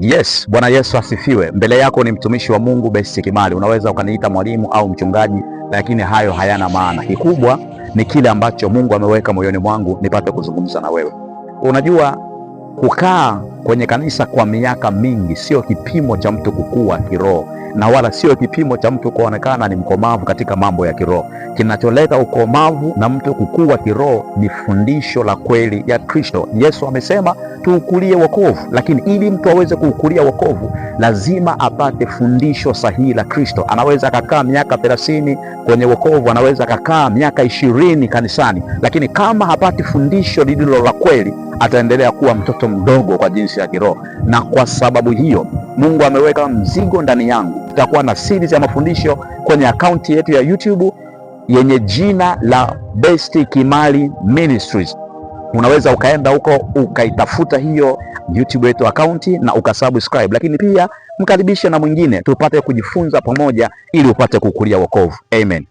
Yes, Bwana Yesu asifiwe. Mbele yako ni mtumishi wa Mungu Besti Kimali. Unaweza ukaniita mwalimu au mchungaji, lakini hayo hayana maana. Kikubwa ni kile ambacho Mungu ameweka moyoni mwangu nipate kuzungumza na wewe. Unajua kukaa kwenye kanisa kwa miaka mingi sio kipimo cha mtu kukua kiroho na wala sio kipimo cha mtu kuonekana ni mkomavu katika mambo ya kiroho. Kinacholeta ukomavu na mtu kukua kiroho ni fundisho la kweli ya Kristo. Yesu amesema tuukulie wokovu, lakini ili mtu aweze kuukulia wokovu lazima apate fundisho sahihi la Kristo. Anaweza akakaa miaka thelathini kwenye wokovu, anaweza akakaa miaka ishirini kanisani, lakini kama hapati fundisho lililo la kweli ataendelea kuwa mtoto mdogo kwa jinsi maisha ya kiroho, na kwa sababu hiyo Mungu ameweka mzigo ndani yangu. Tutakuwa na series ya mafundisho kwenye akaunti yetu ya YouTube yenye jina la Best Kimali Ministries. Unaweza ukaenda huko ukaitafuta hiyo YouTube yetu akaunti na ukasubscribe, lakini pia mkaribishe na mwingine tupate kujifunza pamoja, ili upate kukulia wokovu. Amen.